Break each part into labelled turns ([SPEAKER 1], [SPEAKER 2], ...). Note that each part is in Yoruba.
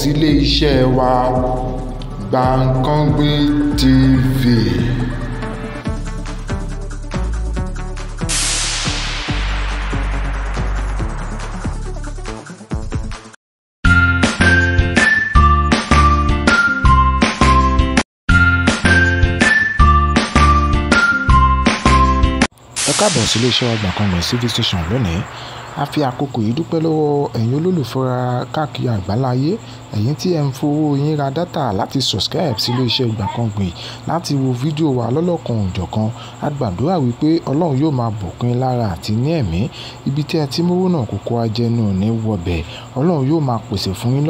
[SPEAKER 1] sílé iṣẹ́ wa Gbankanbi TV. káàbọ̀ sí iléeṣẹ́ wa Gbankanbi TV station lónìí a fi àkókò yìí dúpẹ́ lọ́wọ́ ẹ̀yin olólùfẹ́ wa káàkiri àgbáláyé ẹ̀yin tí ẹ ń fowó yín ra dátà láti subscribe sí iléeṣẹ́ Gbankanbi láti wo fídíò wa lọ́lọ́kan òjọ̀kan a gbàdúrà wípé ọlọ́run yóò máa bùkún lára àti ní ẹ̀mí ibi tí ẹ ti mówó náà kókó ajẹnu ní wọbẹ̀ ọlọ́run yóò máa pèsè fún yín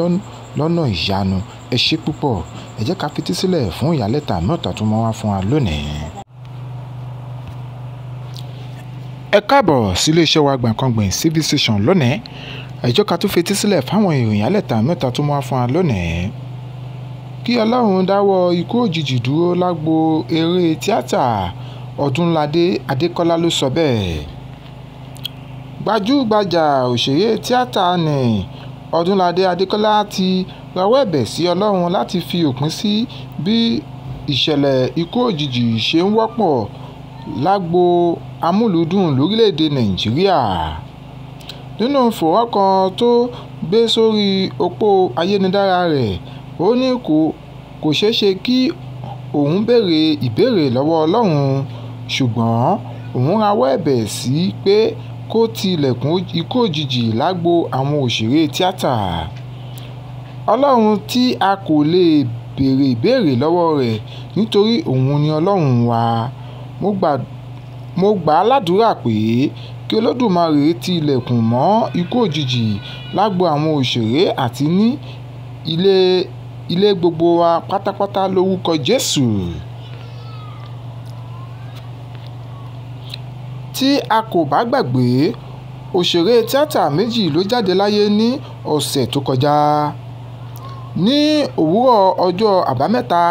[SPEAKER 1] lọ́nà ìyanu ẹ ṣé púpọ̀ ẹ jẹ́ ká fetí sílẹ̀ fún ìyálẹ́ta ẹ káàbọ̀ sí iléeṣẹ́ wa Gbankangbin civil station lónìí ẹjọ́ ká tún fetí sílẹ̀ fáwọn ìròyìn alẹ́ta mẹ́ta tó máa fún wa lónìí kí ọlọ́run dáwọ́ ikú òjijì dúró lágbo eré tíátà ọdúnládé adékọ́lá ló sọ bẹ́ẹ̀ gbajúgbajà òṣèré tíátà ni ọdúnládé adékọ́lá ti rawọ́ ẹ̀bẹ̀ sí ọlọ́run láti fi òpin sí bí ìṣẹ̀lẹ̀ ikú òjijì ṣe ń wọ́pọ̀ lágbo amúlùúdùn lórílẹ̀‐èdè nàíjíríà nínú fọ́nrán kan tó gbé sórí ọ̀pọ̀ ayélujára rẹ̀ ó ní kò ṣeé ṣe kí òun béèrè ìbéèrè lọ́wọ́ ọlọ́run ṣùgbọ́n òun rawọ́ ẹ̀bẹ̀ sí pé kó ti ilẹ̀kùn ikú òjijì lágbo àwọn òṣèré tíátà ọlọ́run tí a kò lè béèrè ìbéèrè lọ́wọ́ rẹ̀ nítorí òun ni ọlọ́run wa mo gbà á ládùúrà pé kí olódùmarè ti ilẹ̀kùn mọ́ ikú òjijì lágbo àwọn òṣèré àti ní ilé gbogbo wa pátápátá lórúkọ jésù tí a kò bá gbàgbé òṣèré tíátà méjì ló jáde láyé ní ọ̀sẹ̀ tó kọjá ní òwúrọ̀ ọjọ́ àbámẹ́ta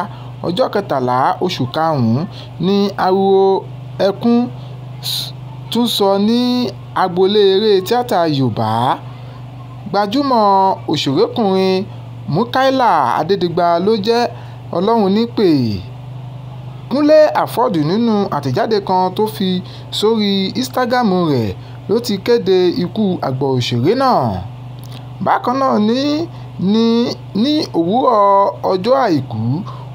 [SPEAKER 1] ọjọ́ kẹtàlá oṣù karùn-ún ni ariwo ẹkún tún sọ ní agboolé eré tíátà Yorùbá. Gbajúmọ̀ òṣèrékùnrin Mukaila Adédìgbà ló jẹ́ Ọlọ́run nípè. Kúnlé Afọ́jú nínú àtẹ̀jáde kan tó fi sórí Instagram rẹ̀ ló ti kéde ikú àgbà òṣèré náà. Bákan náà ní ní òwúrọ̀ ọjọ́ Àìkú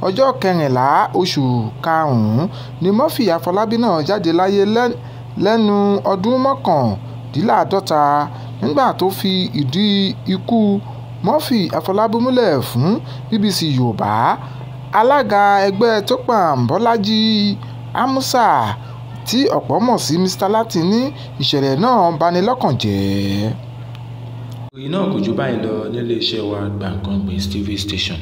[SPEAKER 1] ọjọ́ kẹrìnlá oṣù karùn-ún ni murphy àfọlábí náà jáde láyé lẹ́nu ọdún mọ́kàndínláàádọ́ta nígbà tó fi ìdí ikú murphy àfọlábí múlẹ̀ fún bbc yorùbá alága ẹgbẹ́ tọ́pàm bọ́lájí amusa tí ọ̀pọ̀ mọ̀ sí mr Latin ní ìṣẹ̀lẹ̀ náà bani lọ́kàn jẹ́
[SPEAKER 2] ìròyìn náà kò jù báyìí lọ nílé iṣẹ́ wa Gbankanbi TV station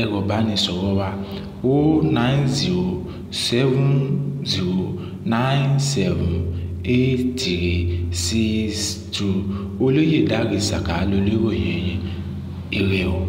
[SPEAKER 2] ẹ̀rọ ìbánisọ̀rọ̀ wa o nine zero seven zero nine seven eight three six two olóyè dáre ṣàká lolóròyìn yín ire o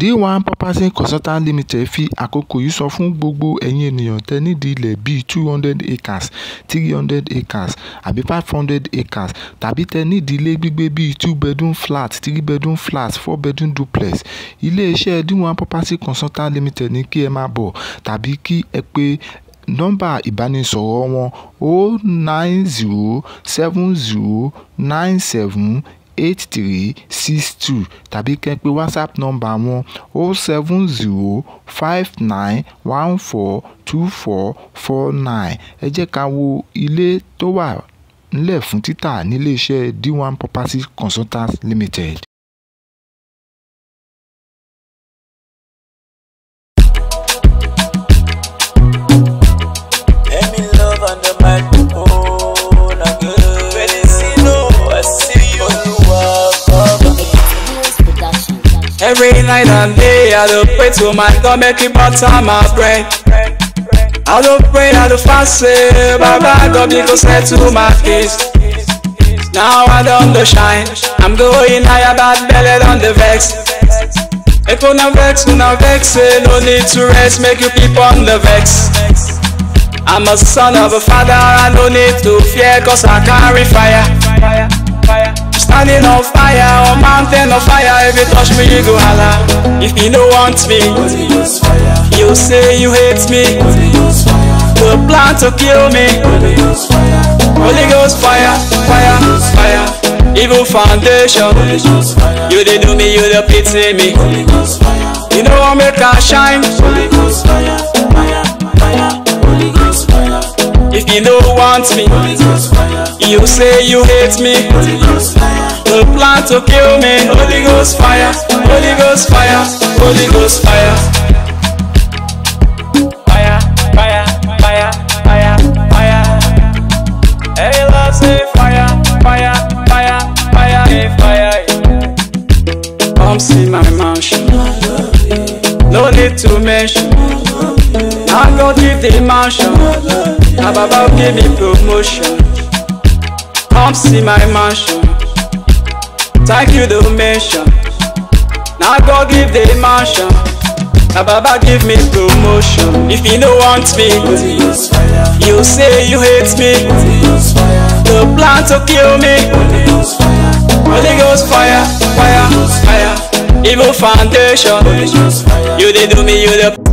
[SPEAKER 1] D1 Property consultant Limited fi àkókò yìí sọ fún gbogbo ẹ̀yin ènìyàn tẹ́nídìí ilẹ̀ bíi two hundred acres, three hundred acres àbí five hundred acres tàbí tẹ́nídìí ilé gbígbé bíi two-bedroom flat, three-bedroom flat, four-bedroom duplex, ilé-iṣẹ́ D1 Property Consultants Limited ní kí ẹ máa bọ̀ tàbí kí ẹ pe nọ́ḿbà ìbánisọ̀rọ̀ wọn oh seven eight three six two tàbí kẹ́ ẹ pè whatsapp number wọn o oh seven zero five nine one four two four four nine ẹ jẹ́ ká wo ilé tó wà nílẹ̀ fún títà níléeṣẹ́ d one property consultants limited.
[SPEAKER 3] Every night and day, I do pray to my God, make it butter my bread. I do pray, I do fast, say, eh, Baba God, because I to my face. Now I don't go shine, I'm going higher, bad belly on the vex. If you not vex, you not vex, say, eh, no need to rest, make you keep on the vex. I'm a son of a father, I no need to fear, cause I carry fire. fire, fire. Standing on fire, on mountain of fire If you touch me, you go holla If you don't want me You say you hate me The plan to kill me Holy Ghost fire, fire, fire Evil foundation You did do me, you did pity me Holy Ghost fire. You know I make I shine Holy Ghost fire, fire, fire Holy Ghost fire If you don't want me, you say you hate me. Holy Ghost fire. plan to kill me. Holy Ghost fire, Holy Ghost fire, Holy Ghost fire. Fire, fire, fire, fire, fire. Hey, love fire, fire, fire, fire, fire, fire. Come see my mansion. No need to mention. I'm gonna give the mansion. I'm about to give me promotion. Come see my mansion. Thank you the mission. Now go give the mansion. Now Baba give me promotion. If you don't want me, you say you hate me. The plan to kill me. Holy Ghost fire, fire, fire. Evil foundation. You did do me, you the.